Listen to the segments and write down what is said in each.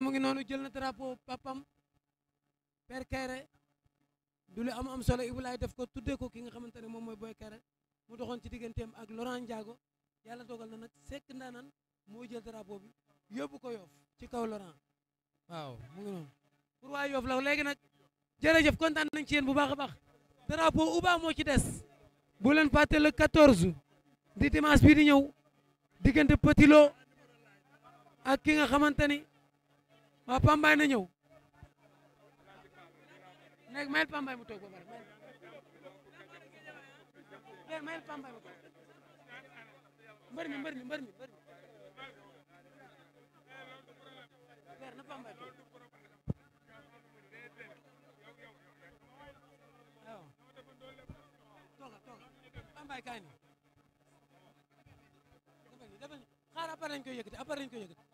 mu ngi noonu jël na drapeau papam per Kayre du am am solo Ibulaay def ko tuddee ko ki nga xamante ne moom mooy Boy Kayre mu doxoon ci digganteem ak Laurent njaago yàlla dogal na nag sekk ndaanan moo jël drapeau bi yóbbu ko yoof ci kaw Laurent waaw mu waa yoof la léegi nag jërëjëf kontaan nañ ci yéen bu baax a baax drapeau Uba moo ci des bu leen fàtte le 14 di dimanche bii di ñëw diggante Petit ak ki nga xamante ni waaw Pambaay na ñëw léegi mayel Pambaay mu toog ba pare mayel mayel Pambaay mu toog mbër mi mbër mi mbër mi mbër mi leer na Pambaay toog waaw tooga tooga Pambaay kaay ni defal ni defal ni xaar après dañ koy yëkkati après dañ koy yëkkati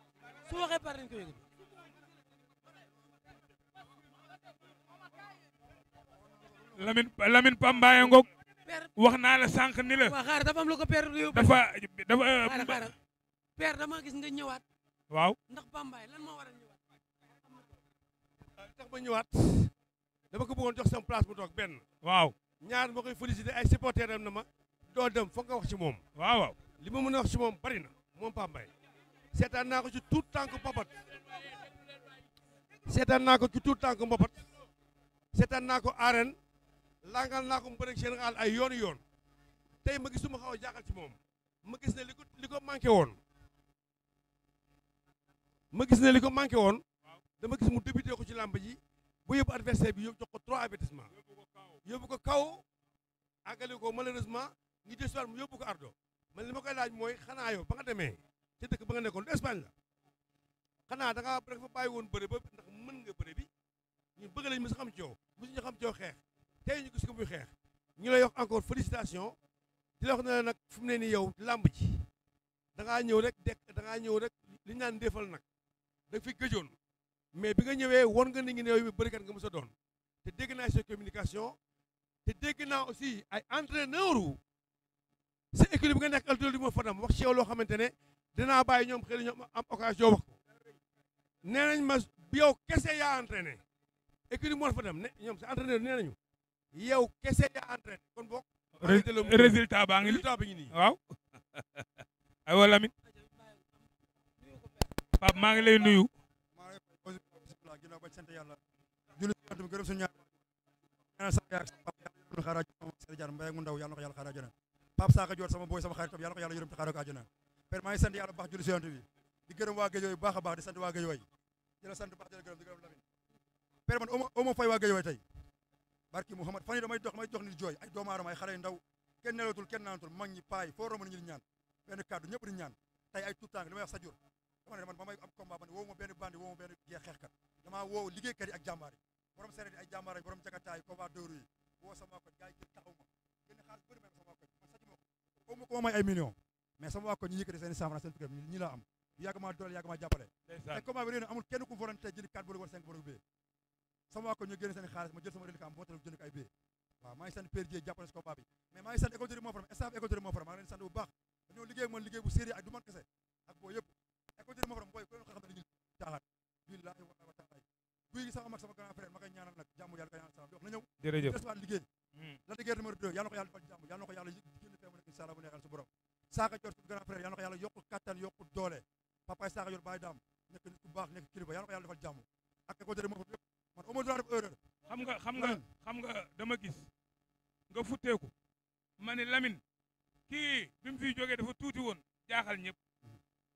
su waxee après dañ koy yëkkati Lamine Lamine Pambaye wax naa la sànq ni la. waaw xaar dafa am lu ko père dafa dafa. Euh, père dama gis nga ñëwaat. waaw ndax Pambaye lan moo waral ñëwaat. tax ba ñëwaat. dama ko bëggoon jox sam place bu toog benn. waaw ñaar ma koy félicité ay supporters am na ma. doo dem foog nga wax ci moom. waaw waaw li ma mën a wax si moom bari na moom Pambaye. seetaan naa ko ci tout tànk mbapat seetaan naa ko ci tànk mbapat naa ko langal naa ko mu bëreeg général ay yoonu yoon tey ma gis lu ma xaw a jaaxal ci moom ma gis ne li ko li ko manqué woon ma gis ne li ko manqué woon dama gis mu débuté ko ci làmb ji bu yóbbu adversaire bi yóbbu jox ko trois avertissement yóbbu ko kaw àggale ko malheureusement ñu desuwaat mu yóbbu ko ardo man li ma koy laaj mooy xanaa yow ba nga demee ci dëkk ba nga nekkoon Espagne la xanaa da nga dafa bàyyi woon bëre ba ndax mën nga bëre bi ñu bëgg lañ mësu xam ci yow mësuñu xam ci yow xeex te tey ñu gis ko muy xeex ñu lay wax encore félicitation di la wax nag fu mu ne nii yow làmb ji da ñëw rek dekk da ngaa ñëw rek li ñaan naan defal nag da fi gëjoon mais bi nga ñëwee won nga ni ngi new bi bërikat nga mës a doon te dégg naa sa communication te dégg naa aussi ay entraîneur wu sa équipe bi nga nekk altol di moo fadam wax ci yow loo xamante ne dinaa bàyyi ñoom xëy na ñoom am occasion wax ko nee nañ ma yow kese yaa entraîné équipe bi moo fa dem ne ñoom sa entraîneur nee nañu yow kese yaa entraîné kon boog. résultat baa ngi nii résultat bi ngi nii waaw. aywa Lamine. Pape maa ngi lay nuyu. Pape Sakho Dior sama boy sama xarit yàlla ko yàlla yërëm te xaaral ko àjjana. père maa ngi sant yàlla bu baax julli si yonent bi di gërëm waa Guédiawaye bu baax a baax di sant waa Guédiawaye di la sant baax di la di gërëm Lamine. père man fay waa Guédiawaye tey barki Mouhamad fan yi damay dox jooy ay doomu aadama ay xale ndaw kenn nelawatul kenn naanatul mag ñi paay foo romb ñu di ñaan benn kàddu ñëpp ñaan tey ay tuutànk li may wax sa jur dama ne man ba may am combat ba borom sereet ay jàmbaar borom jakataay combat dóoru yi woo sama koñ gars yi jël ma génn xaalis bëri ma sama koñ man saju ma ko aw may ay millions mais sama waa koñ ñu yëkkati seen cent francs seen sama waa ko ñu génne seen xaalis ma jël sama reliquat ma motal jënd ko ay billets waaw maa ngi sant Père Dieye jàppale si combat bi mais maa de moo faram staff école de moo faram maa ngi leen sant bu baax wa saaka jor suñu daam nekk nit ku baax nekk kilifa yàlla na ko yàlla defal jàmm ak école de moo faram man amul droit xam nga xam nga xam nga dama gis nga futteeku ma ne lamin kii bi mu fiy jógee dafa tuuti woon jaaxal ñépp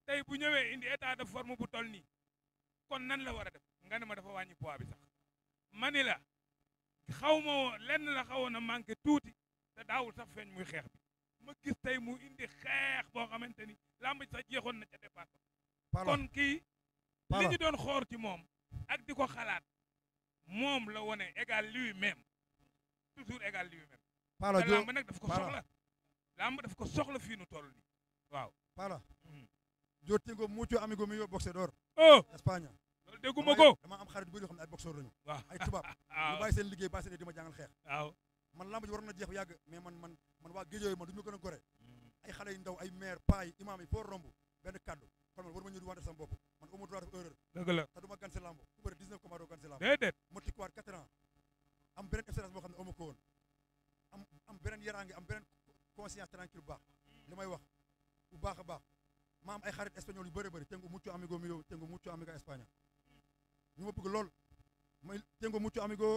tey bu ñëwee indi état de forme bu tol nii kon nan la war a def nga ne ma dafa wàññi poids bi sax ma ni la xaw ma lenn la xawoon a manqué tuuti te daawul sax feeñ muy xeex bi ma gis tey mu indi xeex boo xamante ni làmb sax jeexoon na ca départ kon kii li ñu doon xoor ci moom ak di ko xalaat moom la wone égal lui-même toujours égal lui-même. Paala joo lamb nag daf ko soxla. lamb daf ko soxla fii nu tol ni waaw. Paala. Hmm. joo tingo mucco amigo mio boxeador. oh Espagne. loolu dégguma ko dama am xarit bu ñu xam ne ay boxeur lañu. waaw ay tubaab. waaw ñu bàyyi seen liggéey ba seen di ma jàngal xeex. man lamb ji waroon na jeex bu yàgg mais man man man waa géej yooyu man du ñu gën a gore. Hmm. ay xale yu ndaw ay maire paa yi imaam yi foo romb benn kàddu. kon man war ma ñu di wax def sama bopp man amu droit def erreur dëgg la te ku bëri 19 combat doo gan si lamb ans am beneen expérience boo xam ne amu ko woon am am beneen yaraange am beneen conscience tranquille bu baax li may wax bu baax a baax ma am ay xarit espagnol yu bëri bëri tengo mucho amigo mio tengo mucho amiga España ñu ma bëgg lool may tengo mucho amigo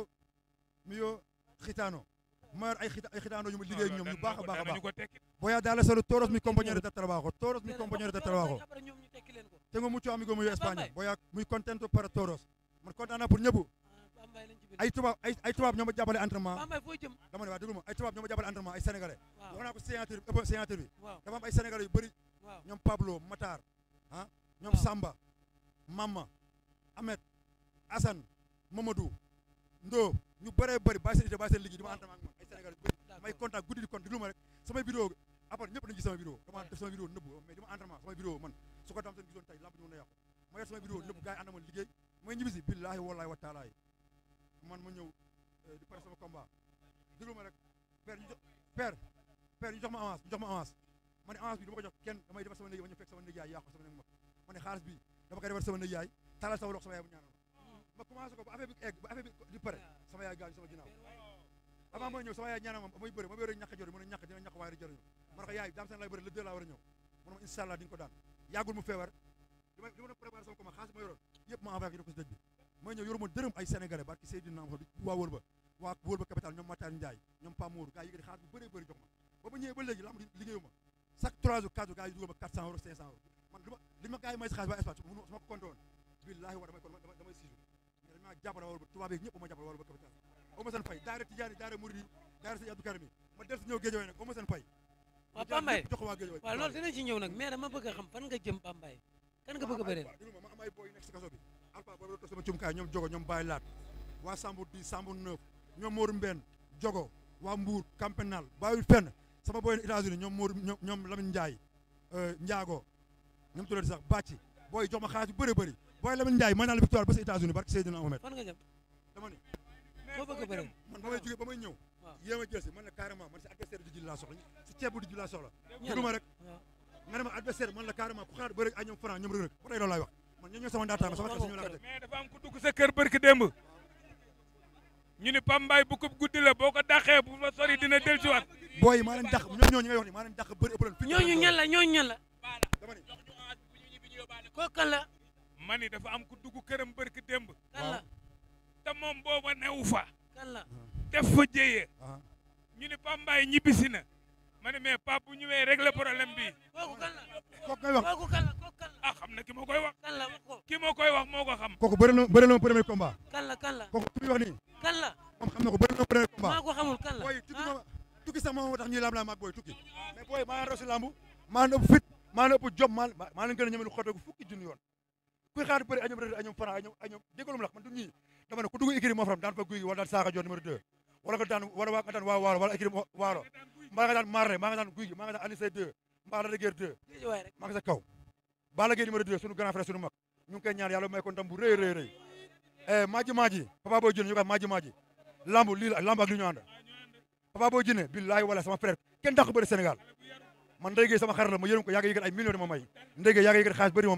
mio xitaano ma yor ay ay xitaandoo ñu ma liggéey ak ñoom ñu baax a baax a baax boya dala solo todos mi compañero de trabajo todos mi compañero de trabajo tengo mucho amigo muy España boya muy contento para todos man kontaan naa pour ñëpp ah, ay tubaab ay ay tubaab ñoo ma jàppale entraînement dama ne waa déglu ma ay tubaab ñoo ma jàppale entraînement ay sénégalais wax naa ko sénateur bi ëpp sénateur bi dafa am ay sénégalais yu bëri ñoom Pablo Matar ah ñoom Samba Mama Ahmed Assane Mamadou Ndo ñu bëree bëri bàyyi seen idée bàyyi seen liggéey di ma entraînement Sénégal may contact guddi di kon diglu ma rek samay vidéo après ñëpp nañu gis samay vidéo dama def samay vidéo nëbb mais dama entraînement samay vidéo man su ko dam seen gisoon tey lamb ji mën na yàqu ma yor samay vidéo nëbb gars yi àndama liggéey may ñibbisi billaahi wallaahi wa taala man ma ñëw euh, di pare sama combat diglu ma rek père ñu jox père père ñu jox ma avance ñu jox ma avance ma ne avance bi dama ko jox kenn damay defar sama néeg ma ñu fekk sama néeg yaay yàqu sama néeg mag ma ne xaalis bi dama koy defar sama néeg yaay taalal sama loxo sama yaay bu ñaanal ma commencé ko ba affaire bi egg ba affaire bi di pare sama yaay gaañu sama ginnaaw avant mooy ñëw sama yaay ñaanal ma mooy bëri ma wér ñàkk a jori mën a ñàkk dina ñàkk waaye du jëriñu ma ne ko yaay daam seen lay bëri le deux laa war a ñëw mu ne ma incha allah di nga ko daan yàggul mu feebar li ma li ma doon préparé sama combat xaalis ma yoroon yëpp ma envoyé ko ñu ko si dëj bi mooy ñëw yoruma dërëm ay sénégalais barki Seydina Amsa waa wóor ba waa wóor ba capital ñoom Matar Ndiaye ñoom Pape Mour gars yi yëkkati xaalis bu bëree bëri jox ma ba ma ñëwee ba léegi lamb liggéeyuma chaque trois jours quatre jours gars yi dugal ma quatre cent euros cinq cent euros man duma li ma gars yi may si xaalis waa espace su ma ko compté woon billaahi wa damay kon damay six jours mais dañ maa jàppale waa wóor ba tubaab yi ñëpp ma jàppale waa wóor ba capital aw ma seen fay daara tijaani daara muridi daara sëñ Abdou Karim ma def si ñëw géej waa géej waay waaw loolu a xam fan nga jëm Pambaye ma ma am ay booy nekk si kaso bi alpha boobu toog sama cumkaay ñoom jogo ñoom waa Sambour 10 Sambour 9 ñoom Mor Mbène jogo waa Mbour Campenal bàyyi fenn sama booy États-Unis ñoom Mor ñoom Lamine euh, ñoom tuddati sax bàcci booy jox ma xaalis bu bëri bëri booy Lamine Ndiaye may naa la victoire ba si états barke Seydina Ahmed fan foo bëgg man ba may jógee ba may ñëw yéem a jël si man la carrément man si adversaire du ji laa soxla si ceeb du ji laa soxla duguma rek nga ne man la carrément ku xaar bëri ak ñoom franc ñoom rek rek ba tey loolu laay wax man ñoo ñoo sama ndaataama sama ñu la mais dafa am ku dugg sa kër barki bu ko guddi la boo dina si waat booy maa leen dàq ñoo ñooñu ngay wax ni maa leen dàq bëri ëpp leen ñooñu ñan la ñooñu ñan la dama la ma ni dafa am ku dugg këram barki démb kan la te moom booba newu fa def fa jéyee ñu ne Pambaay ñibbisi na ma ne mais Pape bu ñëwee régler problème bi kooku kan la kooku kan la kooku kan la ah, xam na ki moo koy wax kan la wax ko koy wax moo ko xam kooku bëri na bëri na premier combat kan la kan la kooku wax nii kan la xam na ko bëri na premier combat maa ko xamul kan la booy tukki ah. moom tukki sax moom moo tax ñuy laam laam ak booy tukki mais booy maa rosi lambu maa ëpp fit maa ëpp jom maa maa leen gën a ñemelu xotoogu fukki junni yoon kuy xaar bëri añoom rëdd añoom fara añoom añoom déggalum lax man du dama ne ku dugg écurie moo faram daan fa guy gi wala daan saaka joor numéro 2 wala nga daan wala nga daan waa waalo wala écurie waalo mbaa nga daan marre maa daan guy gi daan anisay 2 mbaa la dëgër 2 maa sa kaw Balla Gaye numéro 2 sunu grand frère sunu mag ñu ngi koy ñaan yàlla may ko ndam bu rëy rëy rëy eh maaji maaji papa boy jine ñu koy maaji maaji lamb lii la lamb ak li ñu ànd papa boy jine billahi wala sama frère kenn dàq bëri Sénégal man ndéygee sama xar ma yërëm ko yàgg yëgal ay millions ma may ndéygee yàgg yëgal xaalis bëri ma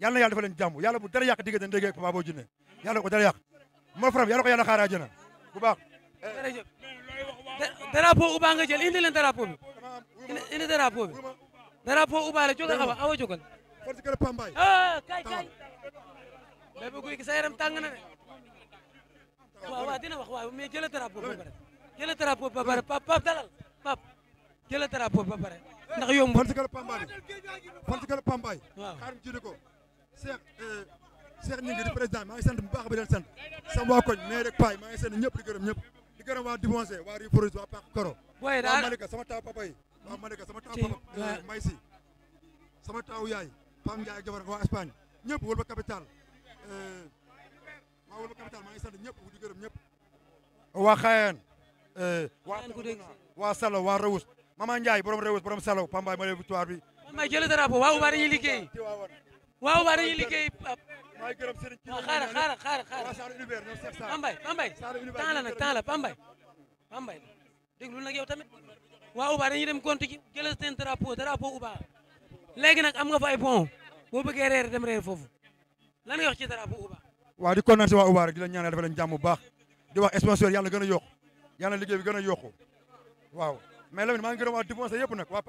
yàlla na yàlla dafa leen jàmm yàlla bu dara yàq diggante Ndeye Gueye ak Papa Boy Djiné ko dara yàq moo faram yàlla ko yàlla xaar àjjana bu baax. jërëjëf drapeau Uba nga jël indi leen drapeau bi indi drapeau bi awa awa jógal. force kër Pambaay. Ah, kay kay. Bébé Gouy Gui sa yaram tàng na de. waaw waaw dina wax waaw mais jëla drapeau ba pare jëla drapeau ba pare pap pap dalal pap jëla drapeau ba pare ndax yomb. force kër Pambaay Cheikh euh, Cheikh ñu ngi di président maa ngi sant bu baax ba leen sant sama waa koñ mais rek paay maa ngi sant ñëpp di gërëm ñëpp di gërëm waa Diboncé waa Rive Prodige waa Pape Koro waa Malika sama taaw papa yi waa sama taaw papa euh, may si sama taaw yaay Pam Ndiaye ak waa Espagne ñëpp wël ba capital euh, waa maa ngi sant ñëpp di gërëm ñëpp waa Xayane waa Salo waa Rewus Maman Ndiaye borom Rewus borom Salo Pambaay ma leen victoire bi waa Uba dañuy liggéey waaw waaw dañuy liggéey. maa ngi gërëm Serigne Thiel xaaral xaaral xaaral xaaral. Pambay Pambay temps la nag temps la Pambay. Pambay déglu nag yow tamit waaw Uba dañuy dem compte ji jëlal seen drapeau drapeau nag am nga fa ay bon boo bëggee reer dem reer foofu lan nga wax ci drapeau Uba. waaw di kontaan si waa Uba rek di la ñaanal dafa leen jàmm baax di wax sponsor yàlla gën a yokku yàlla liggéey bi gën a yokku waaw mais Lamine maa ngi gërëm waa défense yëpp nag.